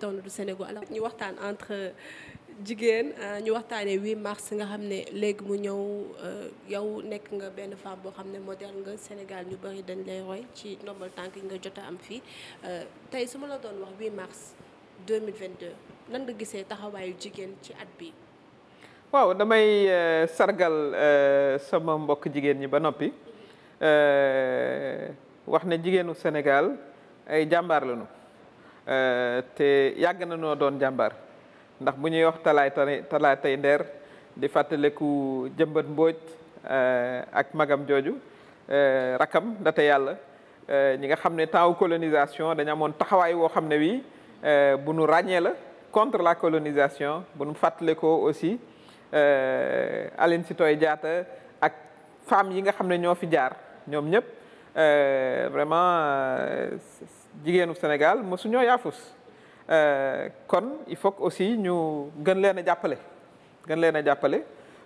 internet du Sénégal ñu waxtaan entre euh, jigéen euh, ñu waxtaanee 8 mars nga xam ne léegi mu ñëw euh, yow nekk nga benn femme boo xam ne modèle nga Sénégal ñu bari dañ lay roy ci ndombal tànk yi nga jot am fii tey su ma la doon wax 8 mars 2022 nan nga gisee taxawaayu jigéen ci at bi waaw damay sargal sama mbokk jigéen ñi ba noppi wax ne jigéenu Sénégal ay jàmbaar lañu Euh, te yàgg na doon jàmbaar ndax bu ñuy wax talaay talaatay ndeer di fàttaliku jëmbat mbooj euh, ak magam jooju euh, rakam ndate yàlla ñi nga xam ne temps colonisation dañu amoon taxawaay woo xam ne wii bu nu ràññee la contre la colonisation bu nu fàttalikoo aussi Aline Sitoé Diatta ak femmes yi nga xam ne ñoo fi jaar ñoom ñëpp vraiment jigéenu Sénégal mosuñoo yaafus euh, kon il faut aussi ñu gën leen a jàppale gën leen a jàppale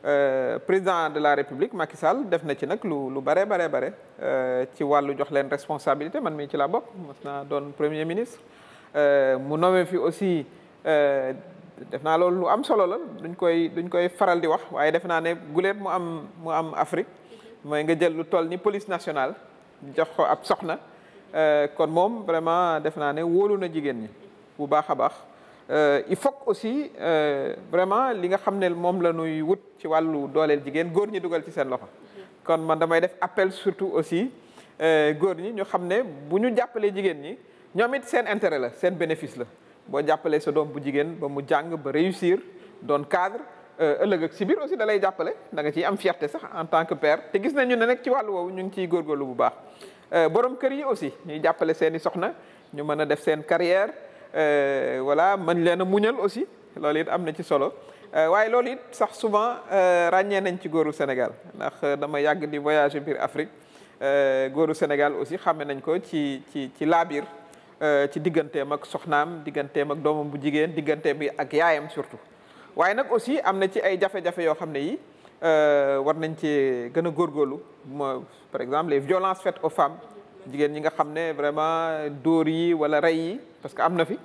euh, président de la république Macky Sall def na ci nag lu lu bare bare bare euh, ci wàllu jox leen responsabilité man mi ci laa bokk mos naa doon premier ministre mu nommé fi aussi def naa loolu lu am solo la duñ koy duñ koy faral di wax waaye def naa ne guleet mu am mu am Afrique mooy nga jël lu toll ni police nationale jox ko ab soxna Euh, kon moom vraiment def naa ne wóolu na jigéen ñi bu baax a baax euh, il faut aussi euh, vraiment li nga xam ne moom la nuy wut ci wàllu dooleel jigéen góor ñi dugal ci seen loxo kon man damay def appel surtout aussi góor ñi ñu xam ne bu ñu jàppalee jigéen ñi ñoom it seen intérêt la seen bénéfice la boo jàppalee sa doom bu jigéen ba mu jàng ba réussir doon cadre ëllëg ak si biir aussi da lay jàppale da nga ciy am fierté sax en tant que père te gis nañu ne nag ci wàllu woowu ñu ngi ciy góorgóorlu bu baax Euh, borom kër yi aussi ñuy jàppale seen i soxna ñu mën a def seen carrière euh, voilà mën leen a muñal aussi loolu it am na ci solo euh, waaye loolu it sax souvent ràññee nañ ci góoru Sénégal ndax dama yàgg di voyager biir Afrique góoru Sénégal aussi xame nañ ko ci ci ci laabiir ci digganteem ak soxnaam digganteem ak doomam bu jigéen digganteem bi ak yaayam surtout waaye nag aussi am na ci ay jafe-jafe yoo xam ne yi Euh, war nañ ci gën a góorgóorlu par exemple les violences faites aux femmes jigéen ñi nga xam ne vraiment dóor yi wala rey yi parce que am na fi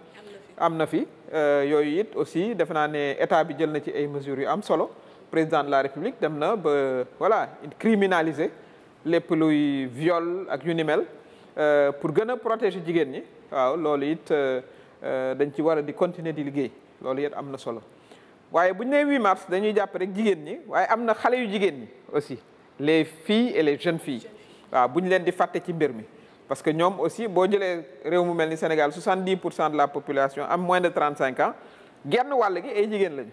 am na fi euh, yooyu it aussi defe naa ne état bi jël na ci ay mesures yu am solo président de la république dem na ba voilà criminaliser lépp luy viol ak yu ni mel euh, pour gën a protéger jigéen ñi waaw loolu it dañ ci war a di continuer di liggéey loolu it am na solo waaye bu ñu nee 8 mars dañuy jàpp rek jigéen ni waaye am na xale yu jigéen ñi aussi les filles et les jeunes filles waaw bu ñu leen di fàtte ci mbir mi parce que ñoom aussi boo jëlee réew mu mel ni Sénégal 70 pour cent de la population am moins de cinq ans genn wàll gi ay jigéen lañu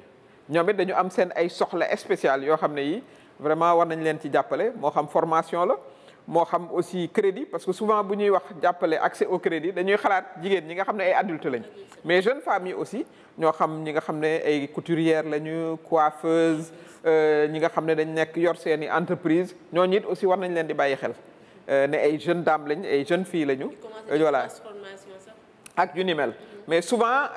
ñoom it dañu am seen ay soxla spéciale yoo xam ne yi vraiment war nañ leen ci jàppale moo xam formation la moo xam aussi crédit parce que souvent bu ñuy wax jàppale accès au crédit dañuy xalaat jigéen ñi nga xam ne ay adultes lañ mais jeune femmes yi aussi ñoo xam ñi nga xam ne ay couturières lañu coiffeuses euh, ñi nga xam ne dañ nekk yor seen i entreprise ñooñit aussi war nañ leen di bàyyi xel euh, ne ay jeunes dames lañ ay jeunes filles lañu. Euh, voilà ak yu ni mm-hmm. mais souvent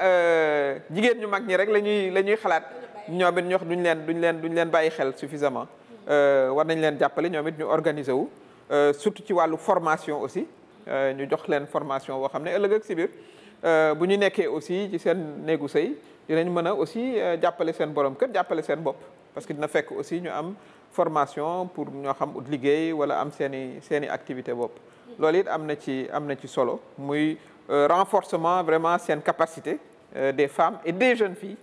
jigéen ñu mag ñi rek la ñuy la ñuy xalaat ñoom it ñu wax duñ leen duñ leen duñ leen bàyyi xel suffisamment war nañ leen jàppale ñoom it ñu organiser wu. Euh, surtout ci wàllu formation aussi euh, ñu jox leen formation boo xam ne ëllëg ak si biir euh, bu ñu nekkee aussi ci seen néegu sëy dinañ mën a aussi jàppale seen borom kër jàppale seen bopp parce que na fekk aussi ñu am formation pour ñoo xam ut liggéey wala am seen i seen i activité bopp loolu it am na ci am na ci solo muy renforcement vraiment seen capacité des femmes et des jeunes filles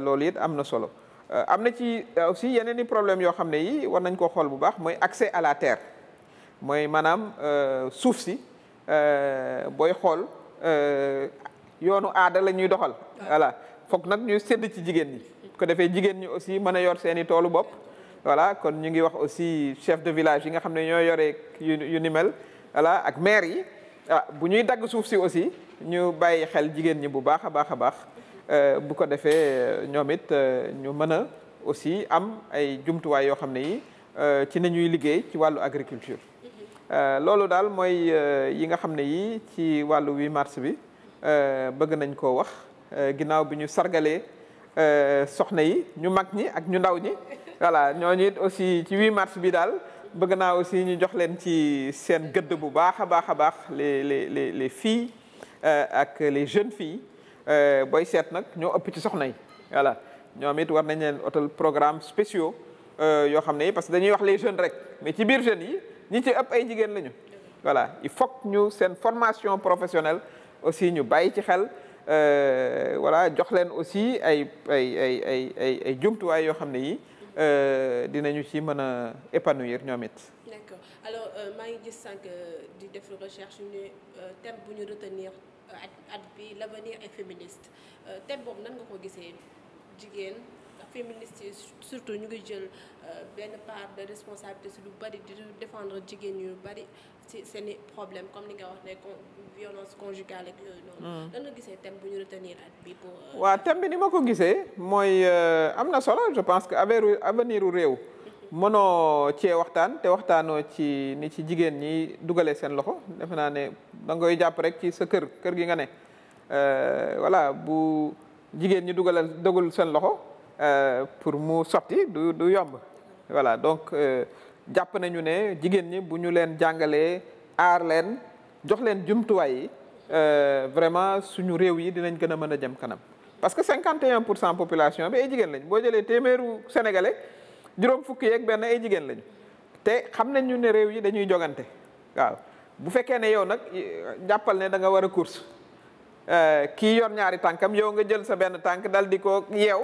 loolu it am na solo Euh, am na ci euh, aussi yeneen i problème yoo xam ne yi war nañ koo xool bu baax mooy accès à la terre mooy maanaam euh, suuf si booy xool yoonu aada la ñuy doxal voilà foog nag ñu sédd ci jigéen ñi ko defee jigéen ñi aussi mën a yor seeni toolu bopp voilà kon ñu ngi wax aussi chef de village yi nga xam ne ñoo yoree yu ni mel voilà ak maire yi ah bu ñuy dagg suuf si aussi ñu bàyyi xel jigéen ñi bu baax a baax a baax Euh, bu ko defee euh, ñoom it euh, ñu mën a aussi am ay jumtuwaay yoo xam ne yi ci nañuy liggéey ci wàllu agriculture. loolu daal mooy yi nga xam ne yi ci wàllu 8 mars bi bëgg nañ koo wax ginnaaw bi ñu sargalee soxna yi ñu mag ñi ak ñu ndaw ñi voilà ñooñu aussi ci 8 mars bi daal. bëgg naa aussi ñu jox leen ci seen gëdd bu baax a baax a baax les les les fii filles ak les jeunes fii Euh, booy seet nag ñoo ëpp ci soxna yi voilà ñoom it war nañ leen otal programme spéciaux euh, yoo xam ne parce que dañuy wax les jeunes rek mais ci biir yi ñi ci ëpp ay jigéen lañu. voilà il faut ñu seen formation professionnelle aussi ñu bàyyi ci xel euh, voilà jox leen aussi ay ay ay ay ay ay jumtuwaay yoo xam ne yi dinañu ci mën a épanouir ñoom maa ngi gis sànq di def recherche at at bi l'avenir est féministe euh, thème boobu nan nga ko gisee jigéen féministe yi surtout ñu ngi jël euh, benn part de responsabilité si bari di défendre jigéen ñu bari ci seen i problème comme ni nga wax ne violence conjugale ak yooyu noonu. Hmm. nan nga gisee thème bu ñu retenir at bi pour. Euh, waaw bi ni ma ko gisee mooy am na solo je pense que affaire avenir réew. mënoo ce waxtaan te waxtaanoo ci ni ci jigéen ñi dugale seen loxo defe naa da nga koy jàpp rek ci sa kër kër gi nga ne euh, voilà bu jigéen ñi dugalal dugul seen loxo euh, pour mu sotti du du yomb voilà donc euh, jàpp nañu ne jigéen ñi bu ñu leen jàngalee aar leen jox leen jumtuwaay yi vraiment suñu réew yi dinañ gën a mën a jëm kanam parce que cinquante 51 pour cent population bi ay jigéen lañ boo jëlee téeméeru sénégalais juróom fukki yeeg benn ay jigéen lañ te xam nañu ne réew yi dañuy jogante waaw bu fekkee ne yow nag jàppal ne da nga war a course eh, kii yor ñaari tànkam yow nga jël sa benn tànk dal di ko yeew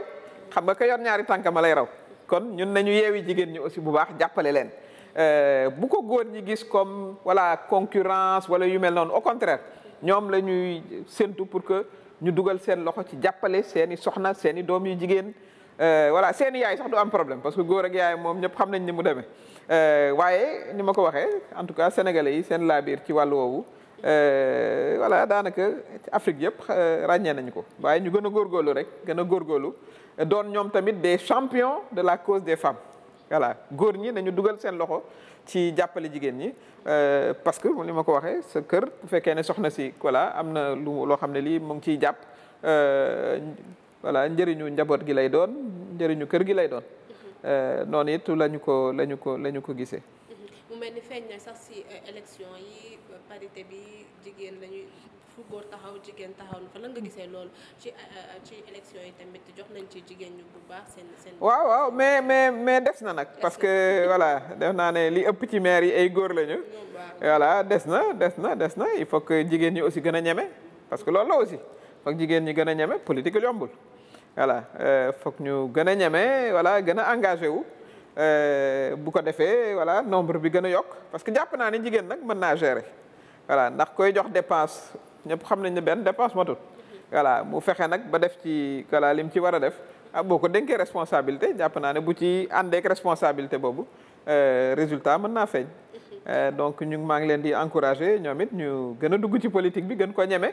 xam nga ko yor ñaari tànkam a lay raw kon ñun nañu yeewi jigéen ñi aussi bu baax jàppale leen eh, bu ko góor ñi gis comme voilà concurrence wala yu mel noonu au contraire ñoom la ñuy séntu pour que ñu dugal seen loxo ci jàppale seen i soxna seen i doom yu jigéen eh, voilà seen i yaay sax du am problème parce que góor ak yaay moom ñëpp xam nañ ni mu demee Euh, waaye ni ma ko waxee en tout cas sénégalais yi seen laabiir ci wàllu woowu euh, voilà daanaka Afrique yëpp euh, ràññee nañu ko waaye ñu gën a góorlu rek gën a góorgóorlu doon ñoom tamit des champions de la cause des femmes voilà góor ñi nañu dugal seen loxo ci jàppale jigéen ñi parce que li ma ko waxee sa kër bu fekkee ne soxna si voilà am na lu loo xam ne lii mu ngi ciy jàpp voilà njëriñu njaboot gi lay doon njëriñu kër gi lay doon Euh, noonu it lañu ko lañu ko lañu ko gisee. mu mel ni feeñ na sax ci euh, élection yi parité bi jigéen lañuy fu góor taxaw jigéen taxaw na fa lan nga gisee lool ci euh, ci élection yi tamit jox nañ ci jigéen ñu bu baax seen seen. waaw waaw mais mais mais des na nag. parce que voilà def naa ne li ëpp ci maire yi ay góor lañu. Oh, voilà des na des na des na il faut que jigéen ñi aussi gën a ñeme. parce que loolu la aussi foog jigéen ñi gën a ñeme politique yombul. voilà euh, foog ñu gën a ñeme voilà gën a engagé wu euh, bu ko defee voilà nombre bi gën a yokk parce que jàpp naa ni jigéen nag mën naa gérer voilà ndax koy jox dépense ñëpp xam nañ ne benn dépense matut voilà mu fexe nag ba def ci voilà lim ci war a def ah boo ko dénkee responsabilité jàpp naa ne bu ci àndeek responsabilité boobu euh, résultat mën naa feeñ e donc ñu maa ngi leen di encouragé ñoom it ñu gën a dugg ci politique bi gën ko ñeme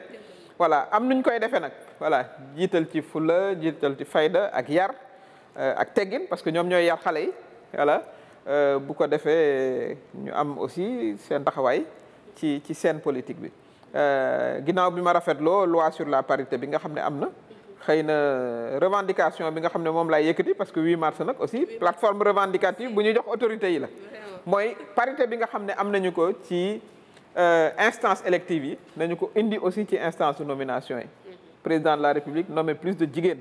voilà am nuñ koy defee nag voilà jiital ci fula jiital ci fayda ak yar euh, ak teggin parce que ñoom ñooy yar xale yi voilà euh, bu ko defee ñu am aussi seen taxawaay ci ci seen politique bi euh, ginnaaw bi ma rafetloo loi sur la parité bi nga xam ne am na xëy na revendication bi nga xam ne moom laay yëkkati parce que 8 mars nag aussi plateforme revendicative bu ñu jox autorité yi la mooy parité bi nga xam ne am nañu ko ci Euh, instance élective yi nañu ko indi aussi ci instance de nomination yi mhm. président de la république nommé plus de jigéen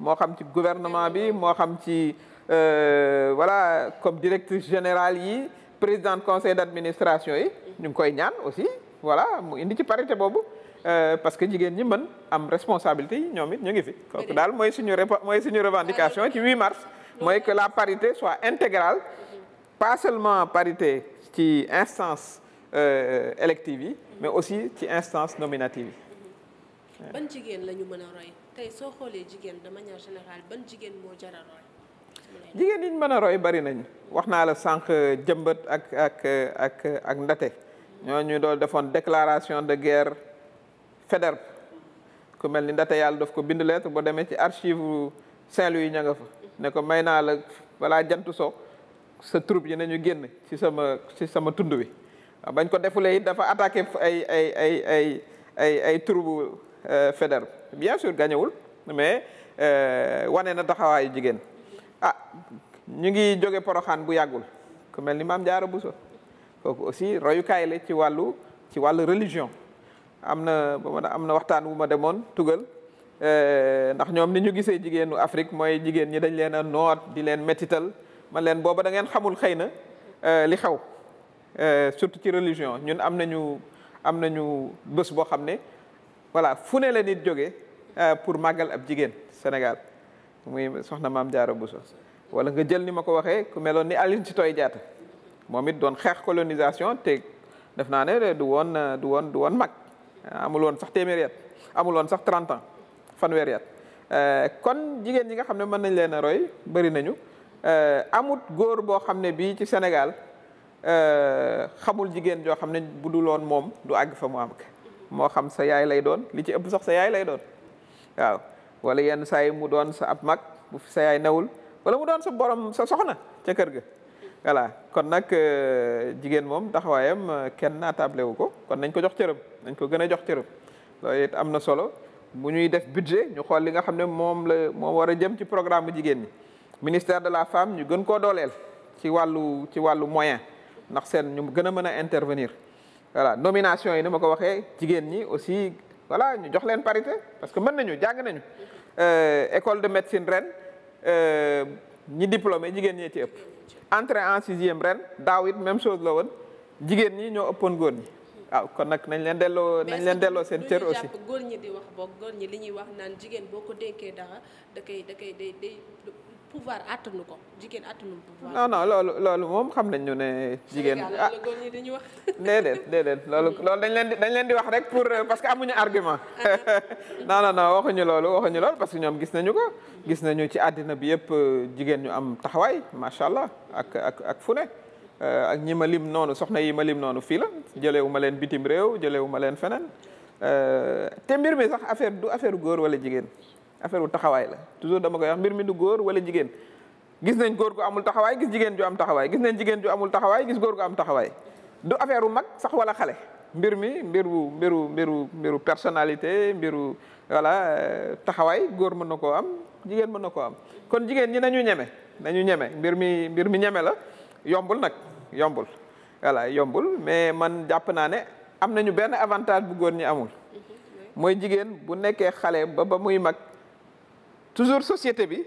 moo xam ci gouvernement bi moo xam ci euh, voilà comme directrice générale yi président conseil d'administration yi mhm. ñu ngi koy ñaan aussi voilà mu indi ci parité boobu euh, parce que jigéen ñi mën am responsabilité yi ñoom it ñu ngi fi kooku daal mooy suñu mooy suñu revendication ci 8 mars mooy que la parité soit intégrale mhm. pas seulement parité ci instance Euh, électives yi mais aussi ci instance nominative yi. ban jigéen la ñu mën a roy tey soo xoolee jigéen de mën a roy bari nañ wax naa la sànq jëmbat ak ak ak ak ndate ñooñu doo defoon déclaration de guerre Faidherbe ku mel ni ndate yàlla def ko bind lettre boo demee ci archive Saint-Louis ña nga fa ne ko may naa la balaa jant soo sa troupe yi nañu génn ci sama ci sama tund wi Ah, bañ ko defulee it dafa attaqué ay ay ay ay ay ay troubu euh, Faidherbe bien sûr gañewul mais euh, wane na taxawaayu jigéen ah ñu ngi jóge poroxaan bu yàggul ku mel ni maam jaaro Buso aussi royukaay le ci wàllu ci wàllu religion am na am na waxtaan wu ma demoon tugal euh, ndax ñoom ni ñu gisee jigéenu Afrique mooy jigéen ñi dañ leen a noot di leen metital man leen booba da ngeen xamul xëy na li xew Euh, surtout ci religion ñun am nañu am nañu bés boo xam ne voilà fu ne la nit jóge euh, pour màggal ab jigéen Sénégal muy soxna maam Jaara Bousso wala nga jël ni ma ko waxee ku meloon ni Aline Sitoé jaata moom it doon xeex colonisation teg def naa ne du woon du woon du woon mag amuloon sax téeméeri at amul sax 30 ans fanweeri at euh, kon jigéen ñi nga xam ne mën nañ leen a roy bëri nañu amut góor boo xam ne bii ci Sénégal Euh, xamul jigéen joo xam ne bu dul woon moom du àgg fa mu am moo xam sa yaay lay doon li ci ëpp sax sa yaay lay doon waaw wala yenn saay mu doon sa ab mag bu fi sa yaay newul wala mu doon sa borom sa soxna ca kër ga voilà kon nag euh, jigéen moom taxawaayam euh, kenn naataable wu ko kon nañ ko jox cëram nañ ko gën a jox cëram loolu it am na solo mu ñuy def budget ñu xool li nga xam ne moom la moo war a jëm ci programme bu jigéen ñi ministère de la femme ñu gën koo dooleel ci wàllu ci wàllu moyen ndax seen ñu gën a mën a intervenir voilà nomination yi ni ma ko waxee jigéen ñi aussi voilà ñu jox leen parité parce que mën nañu jàng nañu euh, école de médecine ren euh, ñi diplômé jigéen ñee ci ëpp entrée en sixième ren daaw même chose la woon jigéen ñi ñoo ëppoon góor ñi waaw kon nag nañ leen delloo nañ leen delloo seen cër aussi góor ñi di wax boog góor ñi li ñuy wax naan jigéen boo ko dénkee dara da koy da koy day pouvoir attanu ko jigéen attanu pouvoir. non non loolu loolu moom xam nañu ne. jigéen ah dañuy wax. déedéet déedéet loolu dañ leen di dañ leen di wax rek pour parce que amuñu argument. Ah. non non non waxuñu loolu waxuñu parce que ñoom gis nañu ko. gis nañu ci àddina bi yëpp euh, jigéen ñu am taxawaay macha allah ak ak ak fu ne. Euh, ñi ma lim noonu soxna yi ma lim noonu fii la jëlewu ma leen bitim réew jëlewu ma leen feneen euh, te mbir mi sax affaire du affaire góor wala jigéen. affaire wu taxawaay la toujours dama koy wax mbir mi du góor wala jigéen gis nañ góor gu amul taxawaay gis jigéen ju am taxawaay gis nañ jigéen ju amul taxawaay gis góor gu am taxawaay du affaire wu mag sax wala xale mbir mi mbiru mbiru mbiru mbiru personnalité mbiru voilà euh, taxawaay góor mën na koo am jigéen mën na koo am kon jigéen ñi nañu ñeme nañu ñeme mbir mi mbir mi ñeme la yombul nag yombul voilà yombul mais man jàpp naa ne am nañu benn avantage bu góor ñi amul mhm, mooy jigéen bu nekkee xale ba ba muy mag toujours société bi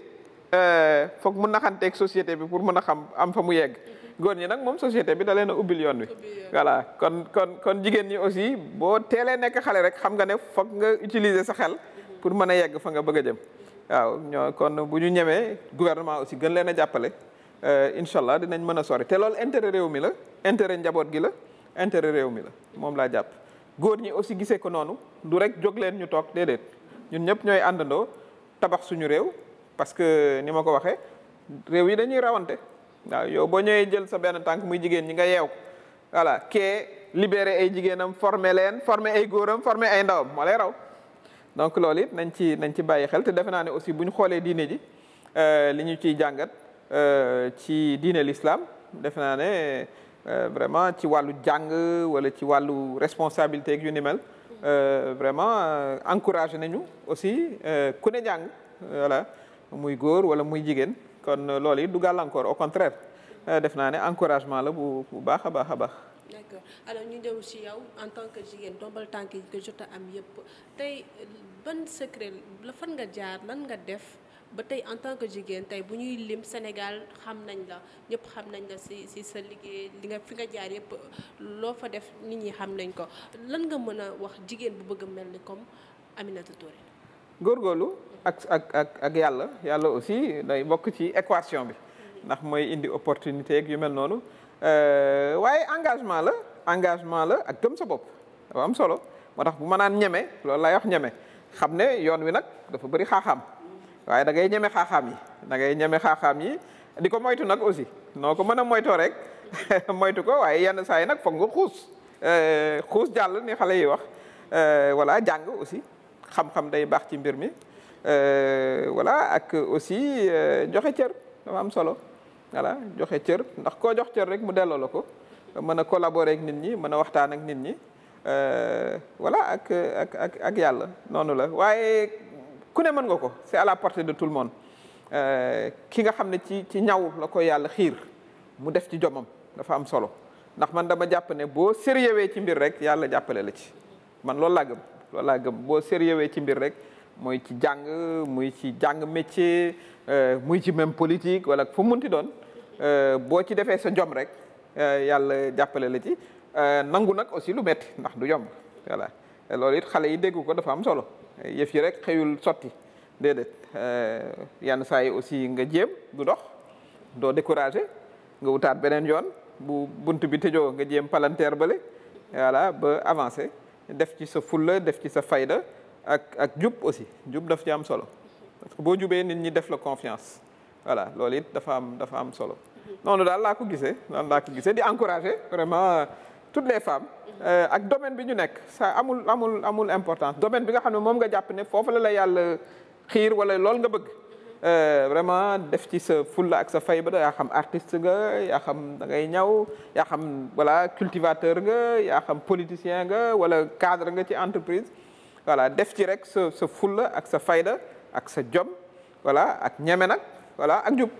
euh, foog mu naxanteeg société bi pour mën a xam am fa mu yegg góor ñi nag moom société bi da leen a ubbil yoon wi voilà kon kon kon jigéen ñi aussi boo teelee nekk xale rek xam nga ne foog nga utiliser sa xel pour mën a yegg fa nga bëgg a jëm waaw ñoo kon bu ñu ñemee gouvernement aussi gën leen a jàppale euh, incha allah dinañ mën a sori te loolu intérêt réew mi la intérêt njaboot gi la intére réew mi la moom laa jàpp góor ñi aussi gisee ko noonu du rek jóg leen ñu toog déedéet ñun ñëpp ñooy àndandoo tabax suñu réew parce que ni ma ko waxee réew yi dañuy rawante waaw yow boo ñëwee jël sa benn tànk muy jigéen ñi nga yeew voilà kee libéré ay jigéenam formé leen formé ay góoram formé ay ndawam moo lay raw donc loolu it nañ ci nañ ci bàyyi xel te defe naa ne aussi bu ñu xoolee diine ji euh, li ñu ciy jàngat euh, ci diine l'islam defe naa ne euh, vraiment ci wàllu jàng wala ci wàllu responsabilité ak yu ni mel Euh, vraiment euh, encouragé nañu aussi euh, ku ne jàng voilà muy góor wala muy jigéen kon loolu it du gàllankoor au contraire def naa ne encouragement la bu bu baax a baax a baax. d'accord ñu ñëw ci yow en tant que jigéen ndombal tànk yi nga jot a am yépp tey ban secret la fan nga jaar lan nga def. ba tey en tant que jigéen tey bu ñuy lim Sénégal xam nañ la ñëpp xam nañ la si si sa liggéey li nga fi nga jaar yëpp loo fa def nit ñi xam nañ ko lan nga mën a wax jigéen bu bëgg mel ni comme Aminata Touré. góorgóorlu ak ak ak ak yàlla yàlla aussi day bokk ci équation bi ndax mooy indi opportunité ak yu mel noonu euh, waaye engagement la engagement la ak gëm sa bopp am solo moo tax bu ma naan ñeme loolu laay wax ñeme xam ne yoon wi nag dafa bëri xaaxaam. waaye da ngay ñeme xaaxaam yi dangay ngay ñeme xaaxaam yi di ko moytu nag aussi noo ko mën a moytoo rek moytu ko waaye yenn saa yi nag foog nga xuus euh, xuus jàll ni xale yi wax euh, voilà jàng aussi xam-xam day baax ci mbir mi wala euh, ak aussi joxe cër am solo voilà joxe cër ndax koo jox cër rek mu delloo la ko mën a collaborer nit ñi mën a waxtaan ak nit ñi voilà ak ak ak ak noonu la waaye ku ne mën nga ko c'est à la portée de tout le monde euh, ki nga xam ne ci ci ñaw la ko yàlla xiir mu def ci jomam dafa am solo ndax man dama jàpp ne boo sérieuxee ci mbir rek yàlla jàppale la ci man loolu laa gëm loolu laa boo sérieuxee ci mbir rek mooy ci jàng muy ci jàng métier euh, muy ci même politique wala fu munti doon euh, boo ci defee sa jom rek yàlla jàppale la ci nangu nag aussi lu metti ndax du yomb voilà loolu it xale yi dégg ko dafa am solo yëf yi rek xëyul sotti déedéet euh, yenn saa yi aussi nga jéem du dox doo découragé nga wutaat beneen yoon bu bunt bi tëjoo nga jéem palanteer le voilà ba avancé def ci sa fulla def ci sa fayda ak ak jub aussi jub daf ci am solo parce boo jubee nit ñi def la confiance voilà loolu it dafa am dafa am solo noonu daal laa ko gisee daal laa ko gisee di encouragé vraiment toutes les femmes euh, ak domaine bi ñu nekk sa amul amul amul importance domaine bi nga xam ne moom nga jàpp ne foofu la la yàlla xiir wala lool nga bëgg euh, vraiment def ci sa fulla ak sa fayda yaa xam artiste nga xam da ngay ñaw yaa xam voilà cultivateur nga xam politicien nga wala cadre nga ci entreprise voilà def ci rek sa sa fulla ak sa fayda ak sa jom voilà ak ñeme nag voilà ak jub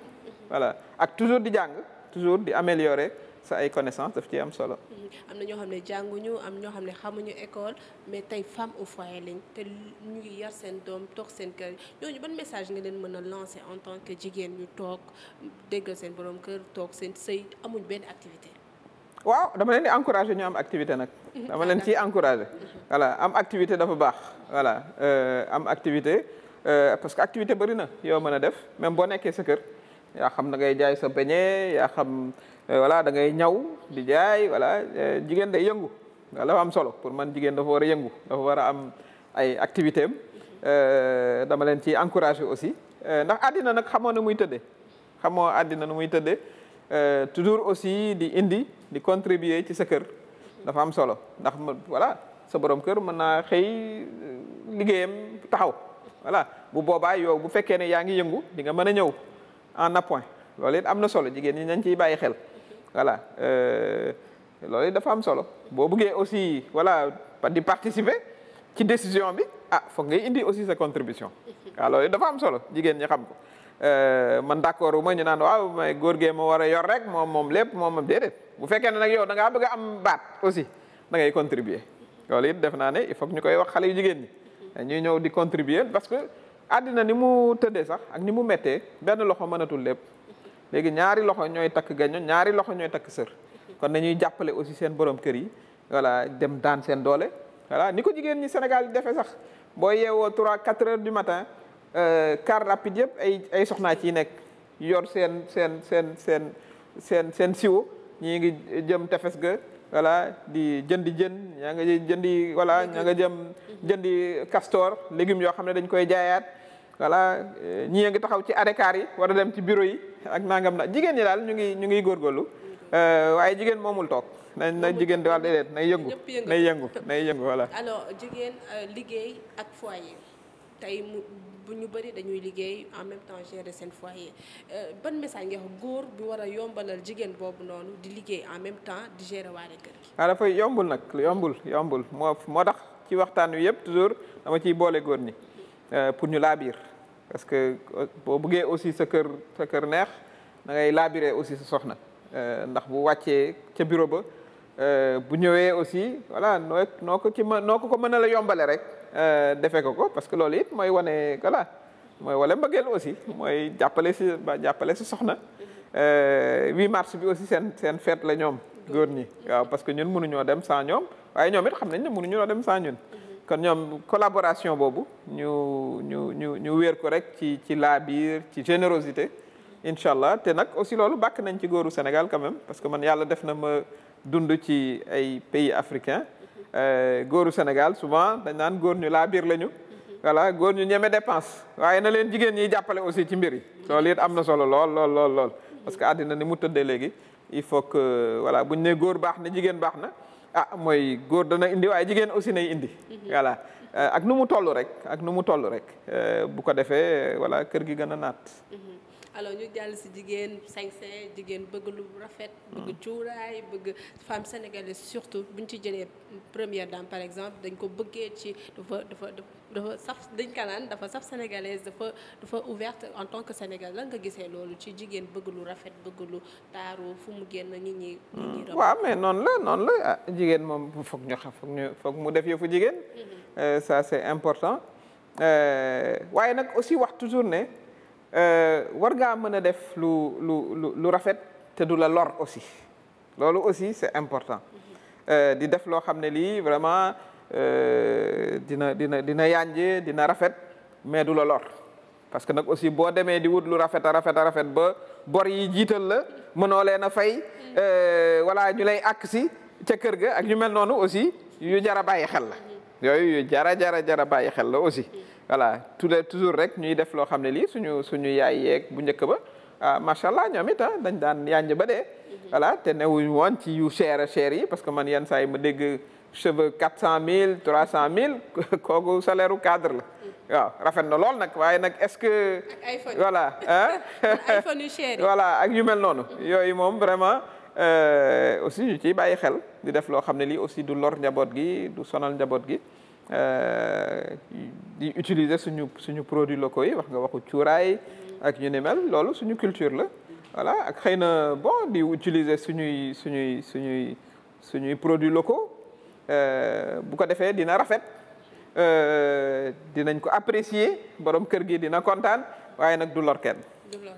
voilà ak toujours di jàng toujours di améliorer sa ay connaissance daf ci am solo. Mm-hmm. am na ñoo xam ne jànguñu am ñoo xam ne xamuñu école mais tey femme au foyer lañ te ñu ngi yar seen doom toog seen kër ñooñu ban message nga leen mën a lancer en tant que jigéen ñu toog déggal seen boroom kër toog seen sëy amuñ benn activité. waaw dama leen di encourager ñu am activité nag. Mm-hmm. dama leen ciy encourager. Mm-hmm. voilà am activité dafa baax voilà euh, am activité euh, parce que activité bëri na yoo mën a def même boo nekkee sa kër. yaa xam da ngay jaay sa beñe yaa xam euh, voilà da ngay ñaw di jaay voilà euh, jigéen day yëngu nga la am solo pour man jigéen de war a yëngu war a am ay activité am euh, dama leen ci encouragé aussi ndax àddina nag xamoo na muy tëddee xamoo àddina nu muy tëddee toujours aussi di indi di contribuer ci sa kër dafa am solo ndax wala sa borom kër mën naa xëy liggéeyam taxaw voilà bu boobaa yow bu fekkee ne yaa ngi yëngu di nga mën a ñëw en appoint loolu it am na solo jigéen ñi nañ ciy bàyyi xel voilà euh, loolu it dafa am solo boo buggee aussi voilà di participer ci décision bi ah foog ngay indi aussi sa contribution waaw ah, loolu it dafa am solo jigéen ñi xam ko euh, man d'accord wu ma ñu naan waaw may góor gee ma war a yor rek moom moom lépp moom déedéet bu fekkee ne nag yow da ngaa bëgg a am baat aussi da ngay contribuer loolu it def naa ne il faut ñu koy wax xale yu jigéen ñi ñuy ñëw di contribuer parce que àddina ni mu tëddee sax ak ni mu méttee benn loxo mënatul lépp léegi ñaari loxo ñooy takk gaño ñaari loxo ñooy takk sër kon nañuy jàppale aussi seen borom kër yi voilà dem daan seen doole voilà ni ko jigéen ñi Sénégal defee sax boo yeewoo trois quatre heures du matin euh, car rapide yëpp ay ay soxnaa ciy nekk yor seen seen seen seen seen seen siwo ñii ngi jëm tefes ga voilà di jëndi jën ñaa nga jëndi voilà ñaa nga jëm mhm. jëndi castor légumes yoo xam ne dañ koy jaayaat voilà eh, ñi ngi taxaw ci arekaar yi war a dem ci bureau yi ak nangam na jigéen ñi daal ñu ngi ñu ngi góorgóorlu eh, waaye jigéen moomul toog na jigéen di wax déedéet nay yëngu nay yëngu nay yëngu voilà alors jigéen euh, liggéey ak foyer tey mu bu ñu bëri dañuy liggéey en même temps gérer seen foyer euh, ban message nga wax góor bi war a yombalal jigéen boobu noonu di liggéey en même temps di gérer waare kër gi. ah yombul nag yombul yombul moo moo tax ci waxtaan wi yëpp toujours dama ciy boole góor ni euh, pour ñu laabiir parce que euh, boo buggee aussi sa kër sa kër neex da ngay aussi sa soxna ndax bu wàccee ca bureau ba bu ñëwee aussi voilà noo noo ko ci mën noo ko ko mën a la yombale rek. Euh, defee ko ko parce que loolu it mooy wane voilà mooy wala mbëggeel aussi mooy jàppale si jàppale si soxna 8 euh, mars bi aussi seen seen fête la ñoom góor ñi waaw parce que ñun mënuñoo dem sans ñoom waaye ñoom it xam nañ ne mënuñoo dem saa ñun kon ñoom collaboration boobu ñu ñu ñu ñu wéer ko rek ci ci laa biir ci générosité incha allah te nag aussi loolu bàkk nañ ci góoru Sénégal quand parce que man yàlla def na ma dund ci ay pays africains Euh, góoru Sénégal souvent dañ naan góor ñu laa biir lañu. voilà góor ñu ñeme dépense waaye na leen jigéen ñi jàppale aussi ci mbir yi. loolu it am na solo lool lool lool lool. parce que addina ni mu tëddee léegi il faut que voilà buñ ne góor baax na jigéen baax na ah mooy góor dana indi waaye jigéen aussi nay indi. Mhm. voilà euh, ak nu mu toll rek ak nu mu toll rek euh, bu ko defee voilà kër gi gën a naat. Mhm. alors ñu jàll si jigéen cinq sañse jigéen bëgg lu rafet. bëgg mm. cuuraay bëgg femme sénégalaise surtout bu ñu ci jëlee première dame par exemple dañ ko bëggee ci dafa dafa dafa saf dañ ko dafa saf sénégalaise dafa dafa ouverte en tant que sénégalais lañ ko gisee loolu ci jigéen bëgg lu rafet bëgg lu taaru fu mu génn nit ñi. Mm. waaw mais noonu la noonu la ah, jigéen moom foog ñu xam foog ñu foog mu def yëfu jigéen. Mm-hmm. Euh, ça c'est important euh, waaye nag aussi wax toujours ne. Euh, war ngaa mën a def lu lu lu rafet te du la lor aussi loolu aussi c'est important euh, di def loo xam ne lii vraiment euh, dina dina dina yànje dina rafet mais du la lor parce que nag aussi boo demee di wut lu rafet a rafet a rafet ba bor yi jiital la mënoo leen a fay wala ñu lay àkk si ca kër ga ak ñu mel noonu aussi yu jar a bàyyi xel la yooyu yu jara jara jara bàyyi xel la aussi voilà tout le toujours rek ñuy def loo xam ne lii suñu suñu yaay yeeg bu njëkk ba ah macha allah ñoom ah, dañ daan yànj ba de mhm. voilà te newuñ woon ci yu cher cher yi parce que man yenn saa ma dégg cheveux quatre cent mille trois cent mille kooku salaire u cadre la. Mhm. waaw rafet na lool nag waaye nag est-ce que. ak voilà ah. iPhone yu cher voilà ak yu mel noonu. Mhm. yooyu moom vraiment euh, aussi ñu ciy bàyyi xel di def loo xam ne lii aussi du lor njaboot gi du sonal njaboot gi. Euh, di utiliser suñu suñu produits locaux yi wax nga waxu cuuraay ak ñu ni mel loolu suñu culture la voilà ak xëy na bon di utiliser suñuy suñuy suñuy suñuy produits locaux euh, bu ko defee dina rafet euh, dinañ ko apprécier borom kër gi dina kontaan waaye nag du lor kenn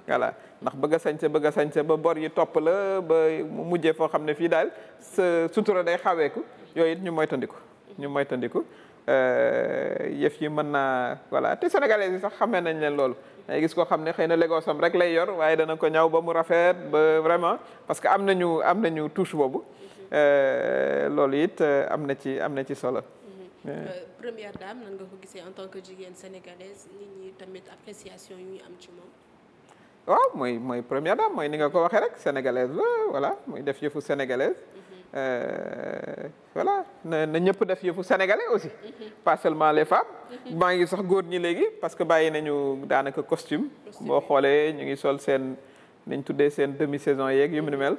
voilà ndax bëgg sañ sañse bëgg a sañse ba bor yi topp la ba mu mujjee foo xam ne fii daal sa sutura day xaweeku yooyu it ñu moytandiku ñu moytandiku Euh, yëf yi mën naa voilà te sénégalais yi sax xame nañ leen loolu dangay gis koo xam ne xëy na légoosam rek lay yor waaye dana ko ñaw ba mu rafet ba vraiment parce que am nañu am nañu touche boobu euh, loolu it euh, am na ci am na ci solo mhm. première dame nan nga ko gisee en tant que jigéen sénégalaise nit ñi tamit appréciation yu ñu am ci moom waaw mooy mooy première dame mooy ni nga ko waxee rek sénégalaise la voilà muy def yëfu sénégalaise mhm. Euh, voilà na ñëpp def yëfu sénégalais aussi mhm. pas seulement les femmes maa ngi sax góor ñi léegi parce que bàyyi nañu daanaka costume boo xoolee ñu ngi sol seen nañ tuddee seen demi saison yeeg yu mu ni mel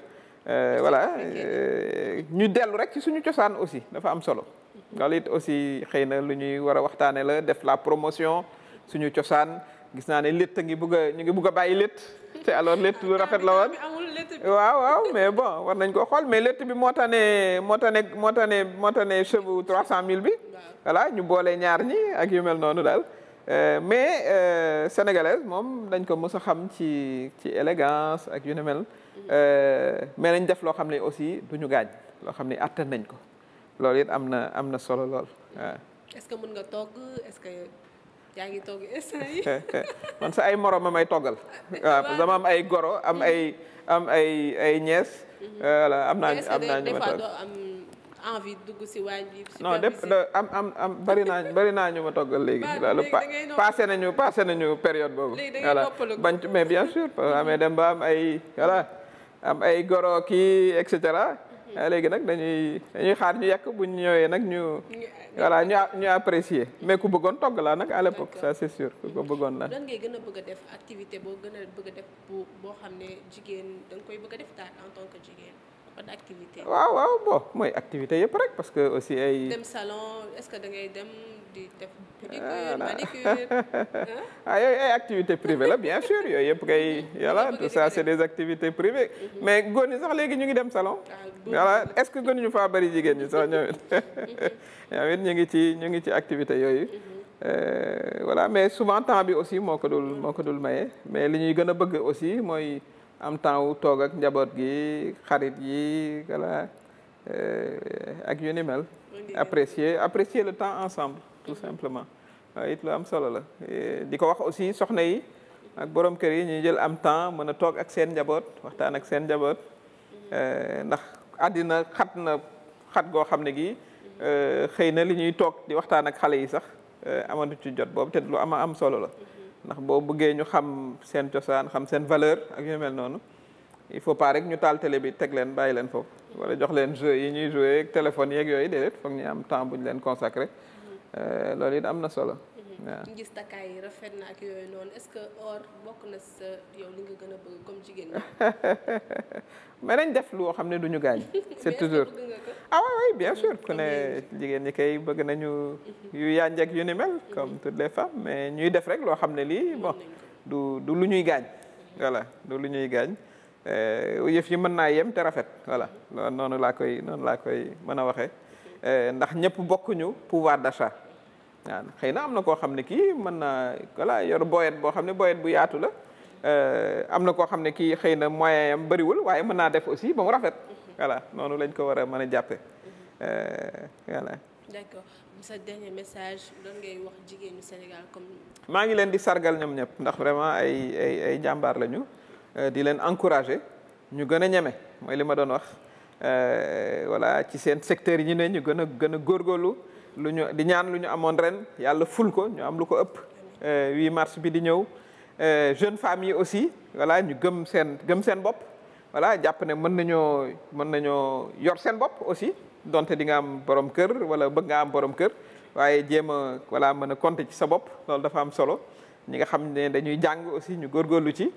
euh, voilà euh, ñu dellu rek suñu cosaan aussi dafa am solo mhm. loolu it aussi xëy na lu ñuy war a waxtaane la def la promotion suñu cosaan gis naa ne létt a ngi bugg ñu ngi bugg a bàyyi létt te alors létt lu rafet la woon waaw waaw mais bon war nañ ko xool mais létt bi moo tane moo tane moo tane moo tane cheveux trois cent mille bi voilà ñu boolee ñaar ñi ak yu noonu daal euh, mais euh, sénégalaise moom dañ ko mës a xam ci ci élégance ak yu ne mel euh, mais nañ def loo xam ne aussi du ñu gaañ loo xam ne attan nañ ko loolu it am na am na solo lool waaw est-ce que mën nga togg est-ce que yaa ngi togg instant yi man sa ay moroom may toggal ah, waaw dama am ay goro am mm. ay am ay ay ñees. Mhm. Euh, voilà am naa am naa ñu ma togg envie dugg si waañ bi. non de am am am bari naa bari naa ñu ma toggal léegi. loolu passé nañu passé nañu période boobu. voilà bañ mais bien sûr. mais mhm. dem ba am ay voilà am ay goro kii et cetera. Eh, léegi nag dañuy dañuy xaar ñu yekk bu ñu ñëwee nag ñu. voilà ñu ñu apprécier mais ku bëggoon togg laa nag à l'époque ça c'est sûr ku ko bëggoon la. lan ngay gën a bëgg a def activité boo gën a bëgg a def boo xam ne jigéen da nga koy bëgg a def daal en tant que jigéen. waaw waaw bon mooy activité yëpp rek parce que aussi ay. dem salon ce que da ngay dem di def. pédicure manicure ah ay activité privée la bien sûr yooyu yëpp kay yàlla tout ça c'est des activités privées. Mhm. mais góor ñi sax léegi ñu ngi dem salon. Ah, voilà est-ce que gënuñu fa bari jigéen ñi sax ñoom it. ñoom ñu ngi ci ñu ngi ci activité yooyu. Mhm. Euh, voilà mais souvent temps bi aussi moo ko dul moo ko dul maye mais li ñuy gën a bëgg aussi mooy. am temps wu toog ak njaboot gi xarit yi voilà euh, ak yu ni mel apprécier apprécier le temps ensemble tout mhm. simplement waaye it lu am solo la di ko wax aussi soxna yi ak borom kër yi ñuy jël am temps mën a toog ak seen njaboot waxtaan ak seen njaboot mhm. euh, ndax àddina xat na xat goo xam ne gii euh, xëy na li ñuy toog di waxtaan ak xale yi sax amatu ci jot boobu te lu ama am solo la mhm. ndax boo bëggee ñu xam seen cosaan xam seen valeur ak yu mel noonu il faut pas rek ñu taal télé bi teg leen bàyyi leen foofu wala jox leen jeu yi ñuy jouer ak téléphone yeeg yooyu déedéet foog ñu am temps bu ñu leen consacré euh, loolu it am na solo. Mhm. waaw gis takkaay yi rafet na ak yooyu noonu est-ce que or bokk na sa yow def loo xam ne du ñu gaañ. c'est toujours ah oui bien sûr ku ne jigéen ñi kay bëgg nañu yu yànj ak yu ni mel comme toutes les femmes mais ñuy def rek loo xam ne lii bon du du lu ñuy gaañ voilà du lu ñuy gaañ eh, yëf yi mën naa yem te rafet voilà noonu laa koy noonu laa koy mën a waxee eh, ndax ñëpp bokkuñu pouvoir d'achat waaw xëy na am na koo xam ne kii mën naa voilà yor boyet boo xam ne boyet bu yaatu la eh, am na koo xam ne kii xëy na moyen am bëriwul waaye mën naa def aussi ba mu rafet voilà noonu lañ ko war a mën a jàppe eh, voilà d'accord sa dernier maa ngi leen di sargal ñoom ñëpp ndax vraiment ay ay ay jàmbaar lañu eh, di leen encourager ñu gën a ñeme mooy li ma doon wax eh, voilà ci seen secteur yi ne ñu gën a gën a góorgóorlu lu ñu di ñaan lu ñu amoon ren yàlla ful ko ñu am lu ko ëpp 8 mars bi di ñëw jeune yi aussi voilà ñu gëm seen gëm seen bopp voilà jàpp ne mën nañu mën nañoo yor seen bopp aussi donte di nga am borom kër wala bëgg nga am borom kër waaye jéem a voilà mën a compter ci sa bopp loolu dafa am solo ñi nga xam ne dañuy jàng aussi ñu góorgóorlu ci.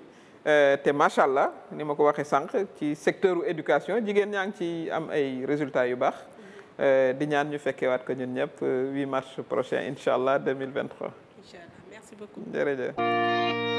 Euh, te macha allah ni ma ko waxee sànq ci secteur u éducation jigéen ñaa ngi ci am ay résultats yu baax euh, di ñaan ñu fekkeewaat ko ñun ñëpp 8 euh, mars prochain incha allah 2023. incha allah merci beaucoup